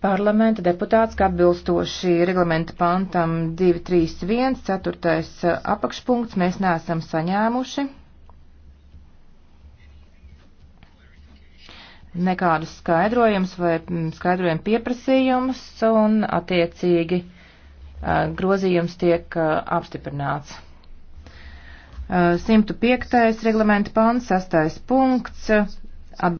parlamenta deputāts, ka atbilstoši reglamenta pantam 231, 4. Uh, apakšpunkts, mēs neesam saņēmuši nekādus skaidrojumus vai mm, skaidrojumu pieprasījumus, un attiecīgi uh, grozījums tiek uh, apstiprināts. 105. reglamenta pants, 6. punkts,